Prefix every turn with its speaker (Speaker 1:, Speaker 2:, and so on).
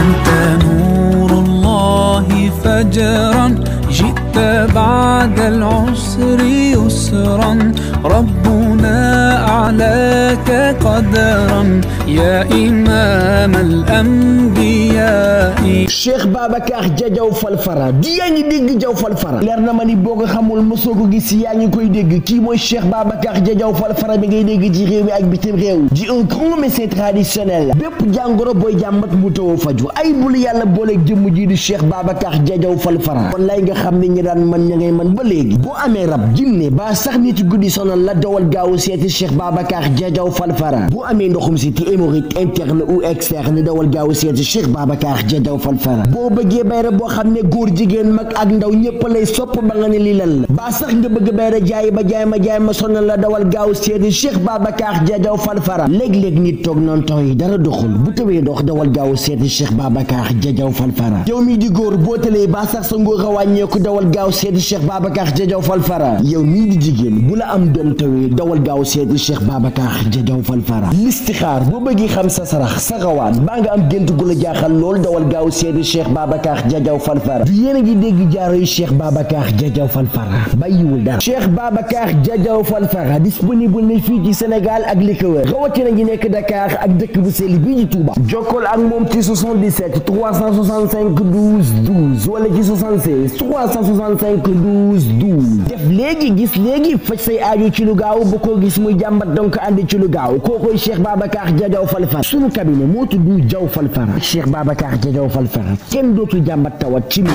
Speaker 1: أنت نور الله فجرا جئت بعد العسر يسرا ربنا أعلاك قدرا يا إمام الأنبياء
Speaker 2: ni Cheikh Babacar Dia Diaw Falfara di yaa ngi dégg Diaw Falfara leer na ma ni boo ko xamul mosoo ko gis yaa ngi koy dégg kii mooy Cheikh Babacar Dia Diaw Falfara bi ngay dégg ci réew ak bitim réew di un grand médecin traditionnel bépp jàngoro booy jàmbat mu tawoo faju ay bul yàlla booleeg jëmm ji di Cheikh Babacar Dia Diaw Falfara kon lay nga xam ne ñi daan man ña ngay man ba léegi boo amee rab jinne ba sax nit guddi sonal la dawal gaaw seeti Cheikh Babacar Dia Diaw Falfara boo amee ndoxum siti hémorroïde interne ou externe dawal gaaw seeti Cheikh Babacar Dia Diaw Falfara fan boo bëggee bayra boo xam ne góor jigéen mag ak ndaw ñëpp lay sopp ba nga ne lii lan la baa sax nga bëgg bayra jaay ba jaay ma jaay ma sonal la dawal gaaw seeti Cheikh Babacar Jadaw Falfara léeg-léeg nit toog noonu taw yi dara doxul bu tawee dox dawal gaaw seeti Cheikh Babacar Jadaw Falfara yow mii di góor boo tëlee baa sa ngóor a wàññeeku dawal gaaw seeti Cheikh Babacar Jadaw Falfara yow mii di jigéen bu la am doom tawee dawal gaaw seeti Cheikh Babacar Jadaw Falfara listixaar boo bëggee xam sa sarax sa rawaan baa nga am gént gu la jaaxal lool dawal gaaw seeti Mbacké di Cheikh Babacar Diadiaw Falfara du yéen a ngi dégg Cheikh Babacar Diadiaw Falfara bàyyiwul dara Cheikh Babacar Diadiaw Falfara disponible na fii ci Sénégal ak li ko wër rawatina ngi nekk Dakar ak dëkk bu sell bii di Touba jokkool ak moom ci 77 365 12 12 wala ci 76 365 12 12 def léegi gis léegi faj say aajo ci lu gaaw bu ko gis muy jàmbat donc andi ci lu gaaw kookoy Cheikh Babacar Diadiaw falfar sunu cabinet moo tudd Diaw falfar Cheikh Babacar fara kenn dootu jàmbat tawat ci mi